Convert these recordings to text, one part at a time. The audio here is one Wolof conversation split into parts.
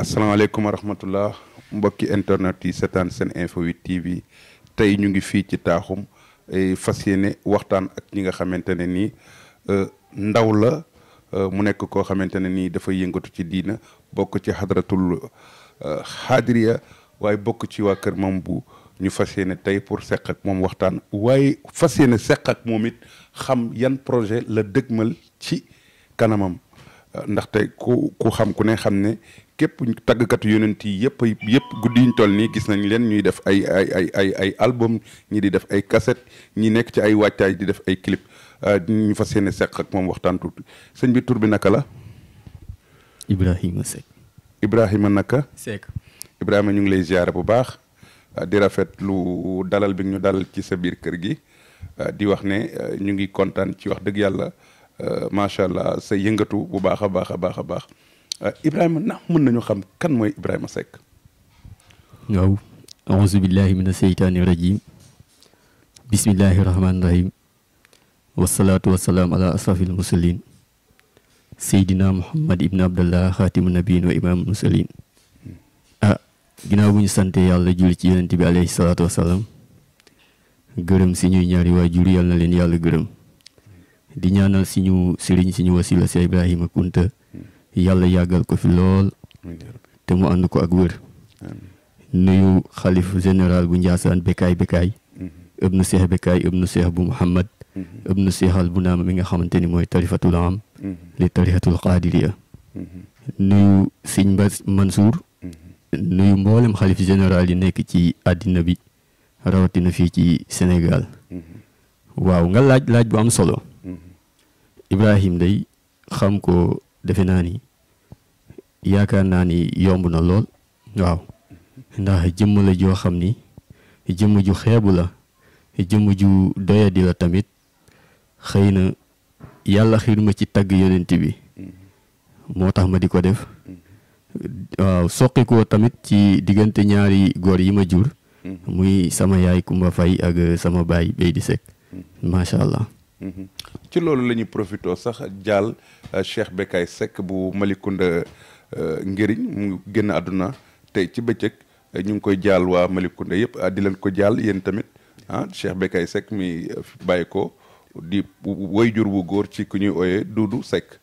asalaamaaleykum wa rahmatullah mbokki internet yi seetaan seen info 8 TV tey ñu ngi fii ci taaxum fas yéene waxtaan ak ñi nga xamante ne nii e, ndaw la e, mu nekk koo xamante ne nii dafa yëngatu ci diina bokk ci hadratul e, xaadiriya waaye bokk ci waa kër mam bu ñu fas yéene tey pour seq moom waxtaan waaye fas yéene seq moom it xam yan projet la dëgmal ci kanamam ndaxte ku ku xam ku ne xam ne képp tàggkatu yonent yi yëpp yëpp guddi yuñ toll nii gis nañ leen ñuy def ay ay ay ay ay album ñi di def ay kaset ñi nekk ci ay wàccaay di def ay clip euh, ñu fa yéene seq ak moom waxtaan tuuti sëñ bi tur bi naka la. Ibrahima Seck. Ibrahima naka. Seck Ibrahima ñu ngi lay ziare bu baax euh, di rafet lu dalal bi ñu dal ci sa biir kër gi euh, di wax ne ñu ngi kontaan ci wax dëgg yàlla. Euh, macha allah sa yëngatu bu baax a baax a baax a baax euh, Ibrahima mën nañu xam kan mooy Ibrahima Seck. waaw auzu billahi mina seytaani rajim bismillahi rahmaani rahim wasalaatu wasalaam ala asrafil mursalin seydina muhammad ibn abdallah xaatimu nabiin wa imaamul mursalin ah ginnaaw bu ñu sante yàlla julli ci yonent bi alayhi salaatu wasalaam gërëm si ñuy ñaari waajur yàlla na leen yàlla gërëm di ñaanal suñu sëriñ suñu wasila si Ibrahima Kunta yàlla yàggal ko fi lool te mu ànd ko ak wër nuyu xalif général bu Njaasaan Bekaay Bekaay mm-hmm. ibnu seex Bekaay ibnu seex bu Muhammad mm-hmm. ibnu seex al Bunaama mi nga xamante ni mooy tarifatul am mm-hmm. li tarifatul qaadiriya nuyu sëñ Ba Mansour nuyu mboolem xalif général yi nekk ci àddina bi rawatina fii ci senegal waaw nga laaj laaj bu am solo Ibrahim day xam ko defe naa ni yaakaar naa ni yomb na lool waaw ndax jëmm la joo xam ni jëmm ju xeebu la jëmm ju doyadi la tamit xëy na yàlla xiir ma ci tagg yonent bi moo tax ma di ko def waaw soqi tamit ci diggante ñaari góor yi ma jur muy sama yaay Kumba Fay ak sama baay Beydi Seck macha allah ci loolu lañuy ñuy profité sax jaal euh, Cheikh Bekay Seck bu Malicounda euh, Ngëriñ mu génn àdduna tey ci bëccëg euh, ñu ngi koy jaal waa Malicounda yëpp ah, di leen ko jaal yéen tamit ah Cheikh Bekay Seck mi bàyyi ko di jur bu góor ci ku ñuy ooyee Duudu Seck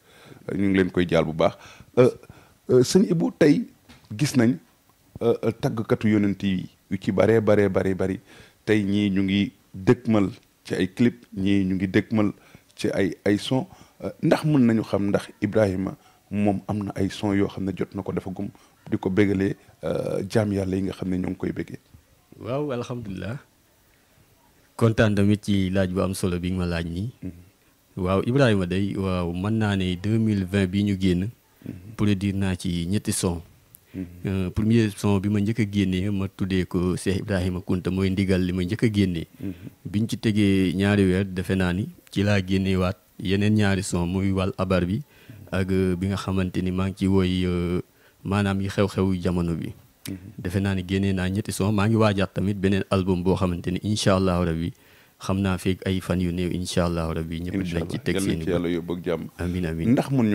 ñu ngi leen koy jaal bu baax sëñ Ibu tey gis nañ tàggkatu yonent yi yu ci baree baree bari bari tey ñii ñu ngi mal ci ay clip ñii ñu ngi dégmal ci ay ay son euh, ndax mën nañu xam ndax Ibrahima moom am na ay son yoo xam ne jot na ko dafa gum di ko bégalee euh, jaam yàlla yi nga xam ne ñoo ngi koy béggee waaw alhamdulilah kontaan tamit ci laaj bu am solo bi ma laaj nii mhm. waaw Ibrahima day waaw mën naa ne 2020 bi ñu génn mhm. pour dire naa ci ñetti son Euh, premier son bi ma njëkk a génnee ma tuddee ko Cheikh Ibrahima Kounta mooy ndigal li ma njëkk a mhm. bi ñu ci tegee ñaari weer defe naa ni ci laa génnee waat yeneen ñaari son muy wàll abar bi ak euh, bi nga xamante ni maa ngi ci woy euh, maanaam yi xew-xew jamono bi mhm. defe naa ni génnee naa ñetti son maa ngi waajaat tamit beneen album boo xamante ni incha allahu rabbi xam naa feeg ay fan yu néew incha allahu rabbi ñëpp dinañ ci teg seen yàlla yóbbu ak jàmm amin amin ndax mun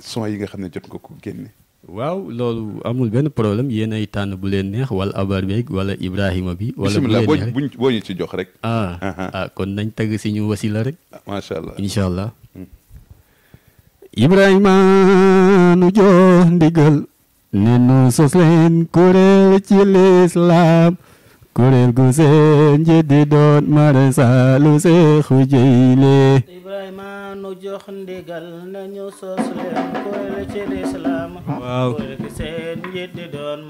son yi nga xam ne jot nga ko génne. waaw loolu amul benn problème yéen ay tànn bu leen neex wala abar beeg wala Ibrahima bi. wala bu leen neex buñ boo ñu ci jox rek. ah ah kon nañ tagg si ñu wasila rek. Ah, macha allah incha allah. Hmm. Ibrahima nu jox ndigal. ne nu sos leen kuréel ci lislaam kuréel gu seen njiddi doon mara saalu seexu jëyle ibrahima nu jox ndigal nañu sos leen kuréel ci lislaam waaw gu seen njiddi doon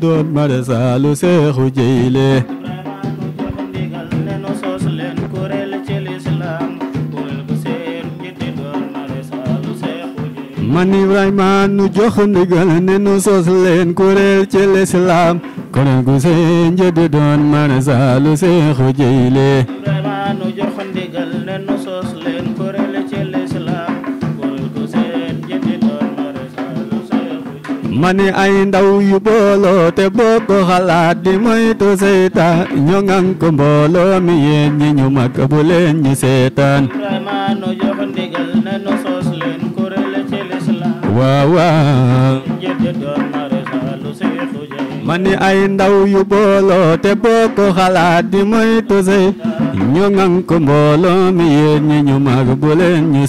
doon mara saalu seexu jëyle man ma ne ay ndaw yu booloo te bopp xalaat di moytu seytaan ñoo ko mbooloo mi yéen ñi ñu mag bu waaw waaw ay ndaw yu booloo te boo ko xalaat di moytu sey ñu ngan ko mbooloo mi yéen ñi ñu mag bu leen ñu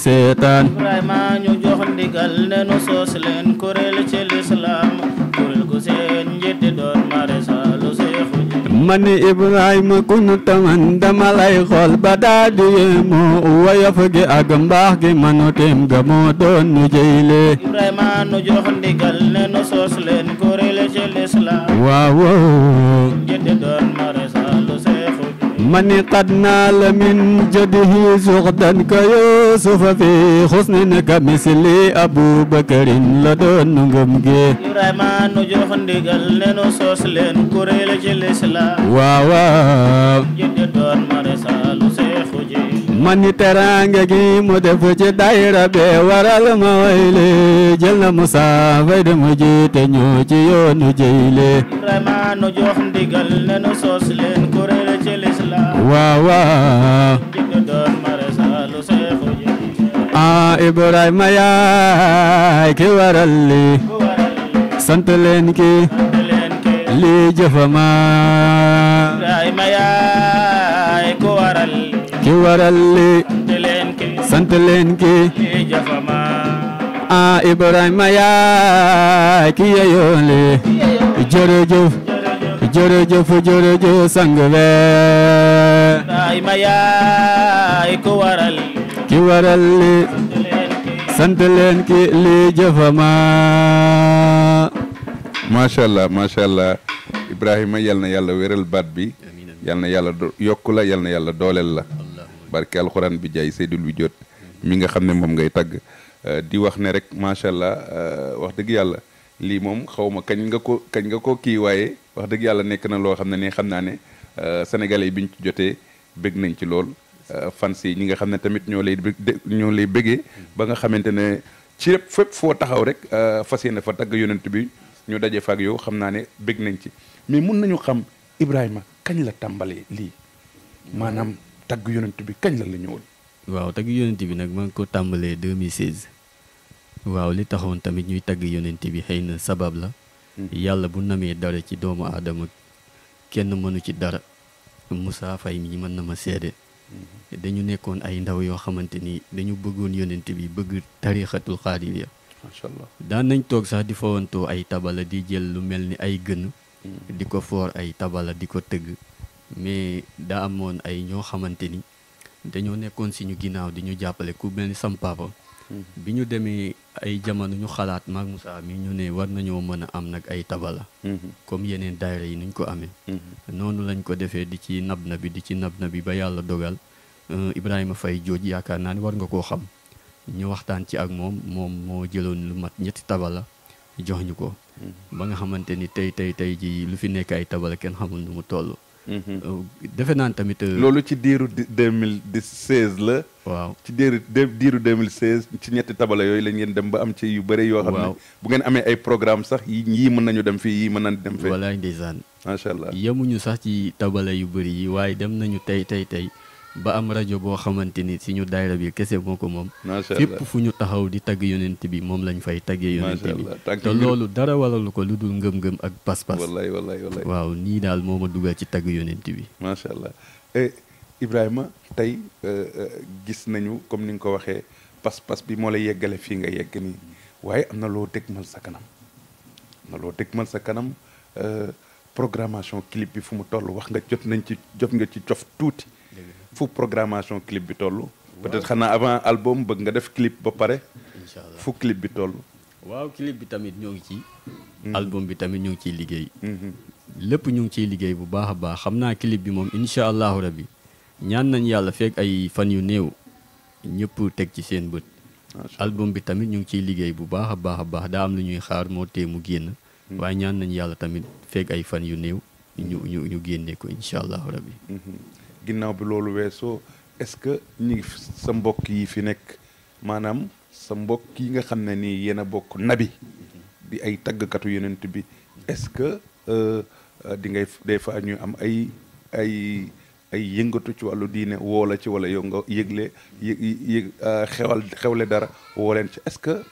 ma ni Ibrahima ku ñu taman dama lay xool ba daa di yéemu woyof gi ak mbaax gi manu teem ga moo doon ñu jëyle Ibrahima nu jox ndigal ne nu soos leen kuréel ci lislaam waaw waaw من قد نال من جده زغدا كيوسف في حسن كمثل أبو بكر لدن غمجي يرمان نجوخ ندقل لنو سوس لن كريل gi mu def ci daayira be waral ma wayle jël na Moussa Faye de mu jiite ñu ci waaw waaw ah Ibrahima yaay ki waral lii sant leen ki lii jëfama Ibrahima yaay ki waral lii sant leen ki lii jëfama ah Ibrahima yaay ki yeyoon lii jërëjëf jërëjëf jërëjëf sang be daay yaay ko waral ki waral li sant leen ki li jëfama macha allah macha allah Ibrahima yal na yàlla wéral baat bi yal na yàlla yokku la yal na yàlla dooleel la barke alxuraan bi jaay seydul bi jot mi nga xam ne moom ngay tagg euh, di wax ne rek macha allah euh, wax dëgg yàlla lii moom xawma kañ nga ko kañ nga ko kii waaye wax dëgg yàlla nekk na loo xam ne nii xam naa ne euh, sénégalais yi biñ ci jotee bëgg nañ ci lool euh, fans yi ñi nga xam ne tamit ñoo lay ñoo lay bëggee ba nga xamante ne ci lépp fépp foo taxaw rek euh, fas yéene fa tagg yonent bi ñu daje fa ak yow xam naa ne bëgg nañ ci mais mun nañu xam Ibrahima kañ la tàmbalee lii maanaam tagg yonent bi kañ la la ñëwoon. waaw tagg yonent bi nag maa ngi ko tàmbalee 2016 waaw li taxoon tamit ñuy tagg yonent bi xëy na sabab la. yàlla bu namee dara ci doomu aadama kenn mënu ci dara Moussa Faye mi mën na ma seede dañu nekkoon ay ndaw yoo xamante ni dañu bëggoon yonent bi bëgg tarixatul xaadiriya macha allah daan nañ toog sax di fawantoo ay tabala di jël lu mel ni ay gën mm. di ko foor ay tabala di ko tëgg mais daa amoon ay ñoo xamante ni dañoo nekkoon si ñu ginnaaw di ñu jàppale ku mel ni sam mm. bi ñu demee ay jamono ñu xalaat maag Moussa mi ñu ne war nañoo mën a am nag ay tabala mm-hmm. comme yeneen daayira yi nuñ ko amee mm-hmm. noonu lañ ko defee di ci nab na bi di ci nab na bi ba yàlla dogal euh, Ibrahima fay jooj yaakaar naa ni war nga koo xam ñu waxtaan ci ak moom moom moo jëloon lu mat ñetti tabala jox ñu ko mm-hmm. ba nga xamante ni tey tey tey ji lu fi nekk ay tabala kenn xamul nu mu toll Euh, defe naan tamit. Euh, loolu ci diiru deux mille seize la. waaw ci diiru diiru de mille seize ci ñetti tabala yooyu lañ ngeen dem ba am ci yu bëri yoo. xam ne bu ngeen amee ay programme sax yii mën nañu dem fii yii mën nañu dem fii. walaay ndeysaan. macha allah yemuñu sax ci tabala yu bëri yi waaye dem nañu tey tey tey. ba am rajo boo xamante ni siñu ñu daayra bi kese moo ko moom fépp fu ñu taxaw di tagg yonent bi moom lañ fay taggee yonent bi te loolu dara waralu ko lu dul ngëm-ngëm ak pas-pas wallaay wallaay wallaay waaw nii daal moo ma dugal ci tagg yonent bi macha allah eh, Ibrahima tey eh, eh, gis nañu comme ni nga ko waxee pas-pas bi moo la yeggale fii nga yegg nii waaye am na loo dëgmal sa kanam am na loo dëgmal sa kanam programmation clip bi fu mu toll wax nga jot nañ ci jot nga ci cof tuuti fu programmation clip bi toll. peut xanaa avant album bëgg nga def clip ba pare. incha allah fu clip bi toll. waaw clip bi tamit ñoo ngi ci. Mm-hmm. album bi tamit ñu ngi ciy liggéey. Mm-hmm. lépp ñu ngi ciy liggéey bu baax a baax xam naa clip bi moom incha allahu rabi ñaan nañ yàlla fekk ay fan yu néew ñëpp teg ci seen bët. album bi tamit ñu ngi ciy liggéey bu baax a baax a baax daa am lu ñuy xaar moo tee mu génn. Mm-hmm. waaye ñaan nañ yàlla tamit fekk ay fan yu néew ñu ñu génne génnee ko incha allahu rabi. ginnaaw bi loolu weesoo est-ce que ñu ngi fi sa mbokk yi fi nekk maanaam sa mbokk yi nga xam ne nii yéen a bokk nabi di ay taggkatu yonent bi est-ce que euh, di ngay des fois ñu am ay ay ay yëngatu ci wàllu diine woo ci wala yow yëgle yëg yëg euh, xewal xewle dara woo ci est-ce que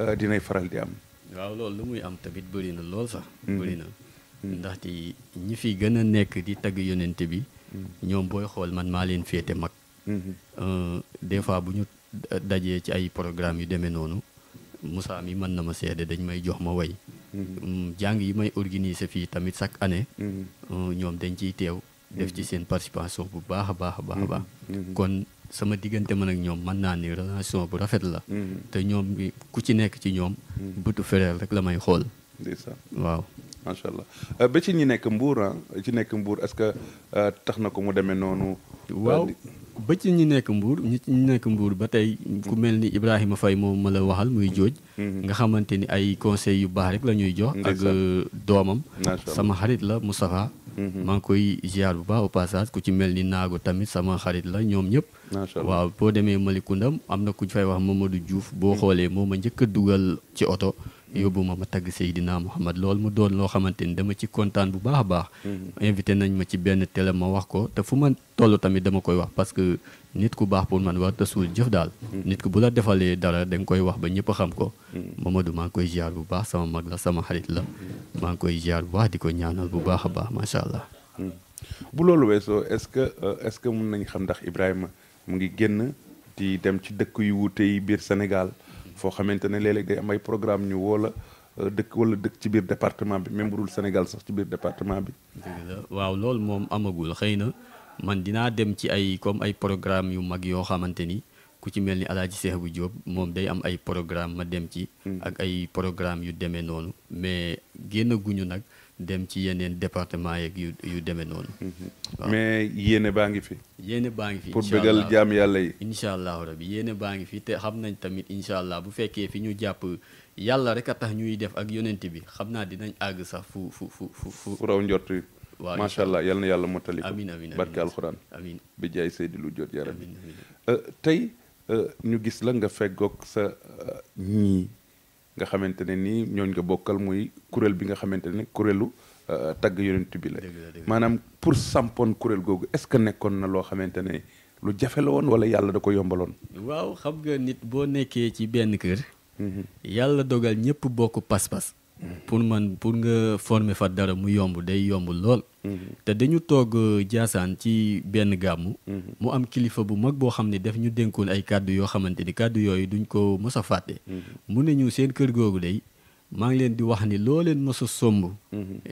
euh, dinay faral di am. waaw loolu lu muy am tamit bëri na lool sax. Mm-hmm. bëri na mm-hmm. ndax ci ñi fi gën a nekk di tagg yonent bi. ñoom booy xool man maa leen féete mag mhm. euh, des fois bu ñu dajee ci ay programme yu demee noonu Moussa mi mën na ma seede dañ may jox ma way mhm. mm, jàng yi may organiser fii tamit chaque année mhm. euh, ñoom dañ ciy teew def ci seen participation bu baax a baax a baax a baax kon sama diggante man ak ñoom mën naa ni relation bu rafet la te ñoom ku ci nekk ci ñoom bëtu frère rek la may xool waaw macha allah euh, ba ñi nekk mbuur a ah, ci nekk mbuur est-ce que euh, tax na ko mu demee noonu. waaw euh, ba ñi nekk mbuur ñi ñi nekk mbuur ba tey ku mel ni Ibrahima fay moom ma la waxal muy jooj mm-hmm. nga xamante ni ay conseils yu baax rek la ñuy jox. ak doomam. sama xarit la Moustapha. Mm-hmm. maa ngi koy ziar bu baax au ku ci mel ni naago tamit sama xarit la ñoom ñëpp. waaw boo demee Malicounda am na ku fay wax ma du juuf boo mm-hmm. xoolee moom ma njëkk a dugal ci oto. yóbbu ma ma tagg Seydina Muhammad loolu mu doon loo xamante ni dama ci kontaan bu baax a baax mm-hmm. invité nañ ma ci benn télé ma wax ko te fu ma toll tamit dama koy wax parce que nit ku baax pour man war tasul jëf daal mm-hmm. nit ko bu la defalee dara da nga koy wax ba ñëpp xam ko mm-hmm. Mamadou maa ngi koy ziar bu baax sama mag la sama xarit la maa ngi koy ziar bu baax di ko ñaanal bu baax a baax macha allah bu loolu weesoo est-ce que euh, est-ce que mun nañu xam ndax Ibrahima mu ngi génn di dem ci dëkk yu wuute biir Sénégal foo xamante ne léeg-léeg day am ay programme ñu woo la euh, dëkk wala dëkk ci biir département bi même bu Sénégal sax ci biir département bi. waaw loolu moom amagul xëy na man dinaa dem ci ay comme ay programme yu mag yoo xamante ni ku ci mel ni Alaaji Seex bu Jóob moom day am ay programme ma dem ci. Hmm. ak ay programme yu demee noonu mais génnaguñu nag. dem ci yeneen département yeeg yu yu demee noonu. Mhm. mais yéene baa ngi fi. yéene baa ngi fi pour yàlla yi. incha allahu yéene baa ngi fi te xam nañ tamit incha allah bu fekkee fi ñu jàpp yàlla rek a tax ñuy def ak yonent bi xam naa dinañ àgg sax fu fu fu fu. fu raw njort yi. waaw macha allah yal na yàlla mottali ko. amiin amiin barke alxuraan. amiin bi jaay Seydi lu jot yaram. amiin euh, tey euh, ñu gis la nga feggoog sa euh, ñii. nga xamante ne nii ñooñ nga bokkal muy kuréel bi nga xamante ne kuréelu euh, tagg yonent bi la maanaam pour sampoon kuréel googu est-ce que nekkoon na loo xamante ne lu jafe la woon wala yàlla da ko yombaloon waaw xam nga nit boo nekkee ci benn kër mhm. yàlla dogal ñëpp bokk pas-pas pour man pour nga former fa dara mu yomb day yomb lool. Mm-hmm. te dañu toog jaasaan euh, ci benn gàmmu. Mm-hmm. mu am kilifa bu mag boo xam ne daf ñu dénkoon ay kàddu yoo xamante ni kàddu yooyu duñ ko mos a fàtte. Mm-hmm. mu ne ñu seen kër googu day maa ngi leen di wax ni loo leen mos somb.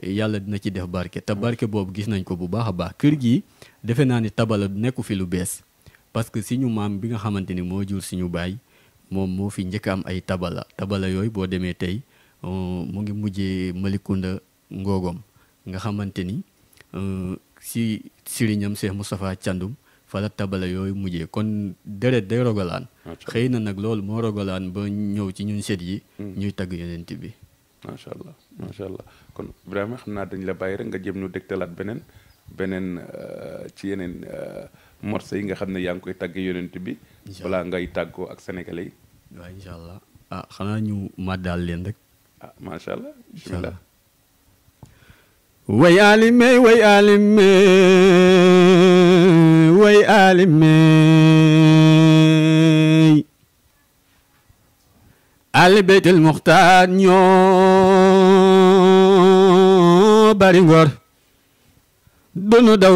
yàlla dina ci def barke te barke boobu gis nañ ko bu baax a baax kër gi defe naa ni tabala nekku fi lu bees parce que si ñu maam bi nga xamante ni moo jur suñu baay moom moo fi njëkk am ay tabala tabala yooyu boo demee tey. Euh, mu ngi mujjee Malicounda ngoogom nga xamante ni euh, si sëriñam see Moustapha Thiandoum fala tabala yooyu mujjee kon deret day rogalaan xëy na nag loolu moo rogalaan ba ñëw ci ñun set yi hmm. ñuy tagg yonent bi macha allah macha allah kon Ibrahima xam naa dañ la bàyyi rek nga jëm ñu dégtalaat beneen beneen euh, ci yeneen morceau yi nga xam ne yaa ngi koy tagg yonent bi balaa ngay tàggoo ak sénégalais yi waaw incha allah ah xanaa ñu màddaal leen rek ah macha allah bismillah way alime way alime ñoo bari ngor dunu daw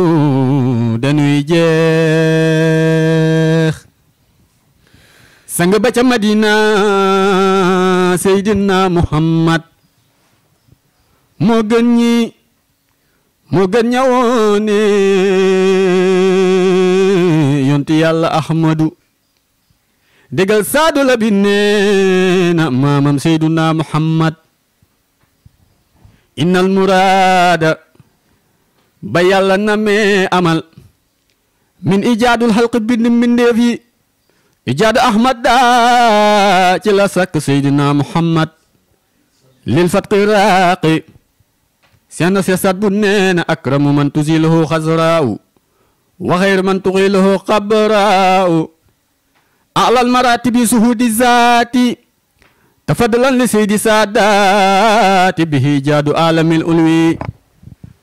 danuy jeex sang ba ca madina seydina muhammad moo gën ñi moo gën ñawoone yonti yàlla ahmadu déggal saadu la bi neena maamam seyduna muhammad innal muraada ba yàlla namee amal min ijaadul xalq bind yi ijaad ahmad daa ci la sakk seydina muhammad lil fatqi raaqi seen seesat bu neena akramu man tusilahu xasraawu wa xayr man tuxilahu xabraawu alal maratibi suhudi zaati tafadlan li seydi saadaati bihi ijaadu alamil ulwi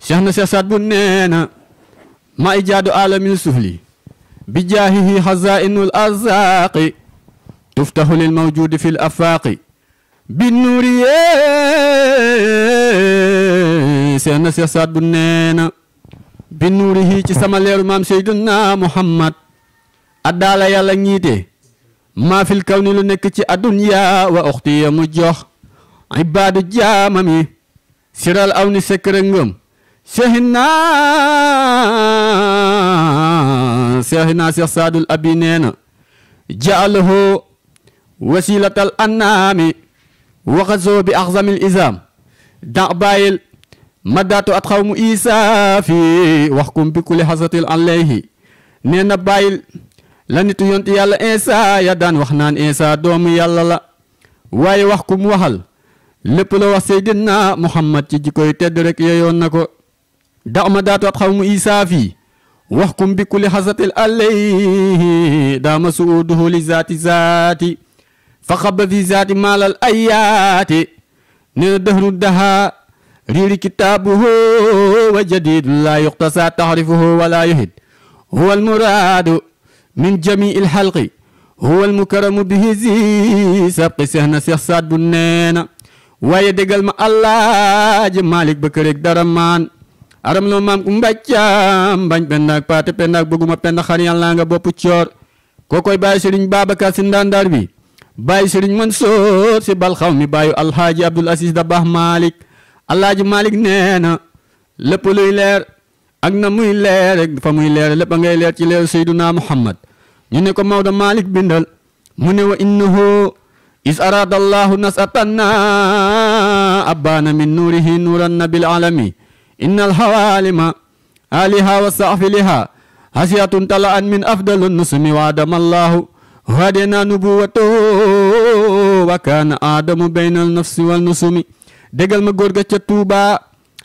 seen seesat bu neena ma ijaadu alamil suhli بجاهه خزائن الأرزاق تفتح للموجود في الأفاق بالنور سينا سيسات بنينا بالنوره ci sama leeru maam Seydina Muhammad addaala yàlla ñiite maa fil kaw ni nekk ci adduniya wa oxtiya mu jox ibaadu jaamami siral aw ni sekk rëngëm sehinaa seexinaa seex saadul abi nee na jaalahu wasilatal annaami waxasoo bi axzamil isaam da bàyyil maddaatu at xaw mu isaafi wax kum bi kulli xasatil alayhi nee na bàyyil la nitu yonti yàlla insa ya daan wax naan insa doomu yàlla la waaye wax kum waxal lépp la wax seydina muhammad ci jikkoy tedd rek yeyoon na ko da maddaatu at xaw mu isaafi واحكم بكل حزة الأليه دام سؤوده لذات ذاتي فخب في ذات مال الآيات ندهر الدها رير كتابه وجديد لا يقتصى تعرفه ولا يهد هو المراد من جميع الحلق هو المكرم به زي سبق سهنا سيحصاد بنينا ويدقل ما الله جمالك بكرك درمان aram loo maam ku mbàccaam mbañ pendaak paate pendaak bëgguma penda xar yàlla nga bopp coor kookoy bàyyi sëriñ Babacar si ndandaar bi bàyyi sëriñ Mansoor si bal xaw mi bàyyu alhaaji Abdul Aziz Dabakh Malick alhaaji Malick nee na lépp luy leer ak na muy leer fa muy leer lépp a ngay leer ci leer Seyduna Muhammad ñu ne ko Maodo Malick bindal mu ne wa innahu is araada allahu nasatana abbaana min nuurihi nuuran nabil alami إن الحوالم آلها وسافلها هشية طلعا من أفضل النسم وعدم الله هدنا نبوته وكان آدم بين النفس والنسم دقل مقور قد توبا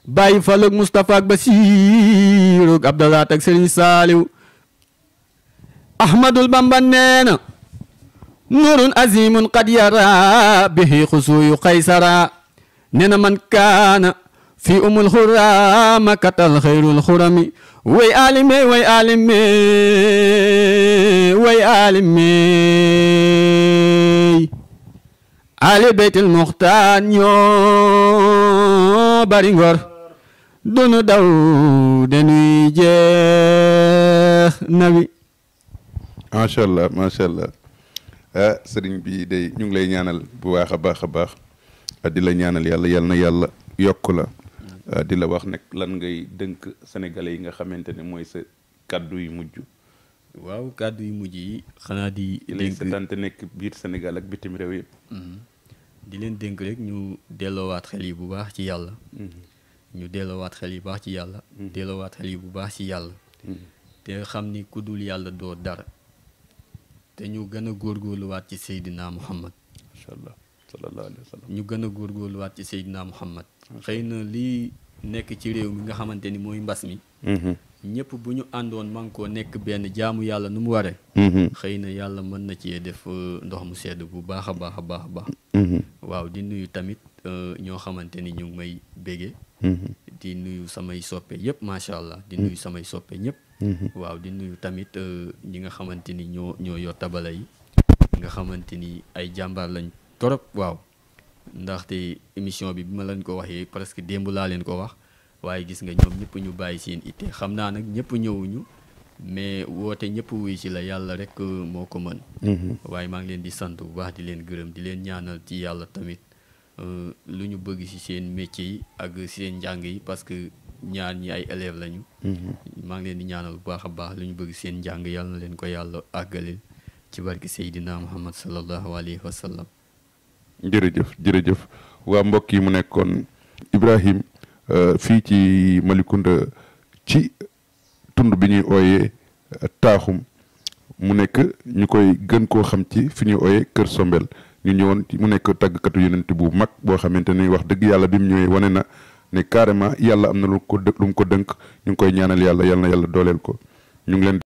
باي فلوق مصطفى بسيروك عبد الله تكسرين سالو أحمد البنبنين نور عظيم قد يرى به خصوي قيصرا نين من كان في أم الخرام كتل خير الخرم وي عالمي وي عالمي وي عالمي علي بيت المختار نيو بارينغور دونو داو دنوي جيخ نبي ما شاء الله ما شاء الله ah sëriñ bi day ñu ngi lay ñaanal bu baax a baax a baax di la ñaanal yàlla yàlla na yàlla yokk la Euh, di la wax nag lan ngay dënk sénégalais yi nga xamante ne mooy sa kàddu yu mujj. waaw kàddu yu mujj yi xanaa di. lay seetante nekk biir Sénégal ak bitim réew yëpp. Mhm. di leen dénk rek ñu delloowaat xel yi bu baax ci yàlla. Mhm. ñu delloowaat xel yi bu baax ci yàlla. Mhm. delloowaat yi bu baax ci yàlla. te xam ni ku dul yàlla doo dara. te ñu gën a góorgóorluwaat ci Seydina Muhammad. macha allah sallallahu alayhi ñu gën a góorgóorluwaat ci Seydina Muhammad. xëy na lii nekk ci réew mi nga xamante ni mooy mbas mi. Mhm. ñëpp bu ñu àndoon man nekk benn jaamu yàlla nu mu waree. Mhm. xëy na yàlla mën na cee def euh, ndox mu sedd bu baax a baax a baax a mhm. waaw di nuyu tamit euh, ñoo xamante ni ñu ngi may bége. di nuyu samay soppe yëpp macha allah di nuyu samay soppe ñëpp. waaw di nuyu tamit euh, ñi nga xamante ni ñoo ñoo yor tabala yi nga xamante ni ay jàmbaar lañ torop waaw. ndaxte émission bi bi ma lañ ko waxee presque démb laa leen ko wax waaye gis nga ñoom ñëpp ñu bàyyi seen itte xam naa nag ñëpp ñëwuñu mais woote ñëpp wuy ci la yàlla rek euh, moo ko mën mhm. waaye maa ngi leen di sant bu baax di leen gërëm di leen ñaanal ci yàlla tamit euh, lu ñu bëgg ci seen métier yi ak seen njàng yi parce que ñaar ñi ay élèves lañu mhm. maa ngi leen di ñaanal bu baax a baax lu ñu bëgg seen njàng yàlla na leen ko yàlla àggalil ci barke Seydina Muhammad sallallahu alayhi wa sallam jërëjëf jërëjëf waa mbokk yi mu nekkoon Ibrahim euh, fii ci Malicounda ci tund bi ñuy ooyee euh, taaxum mu nekk ñu koy gën koo xam ci fi ñuy ooyee Kër Sombel ñu ñëwoon mu nekk tàggkatu yonent bu mag boo xamante ni wax dëgg yàlla bi mu ñëwee wane na ne carrément yàlla am na lu ko lu mu ko dënk ñu ngi koy ñaanal yàlla yàlla na yàlla dooleel ko ñu leen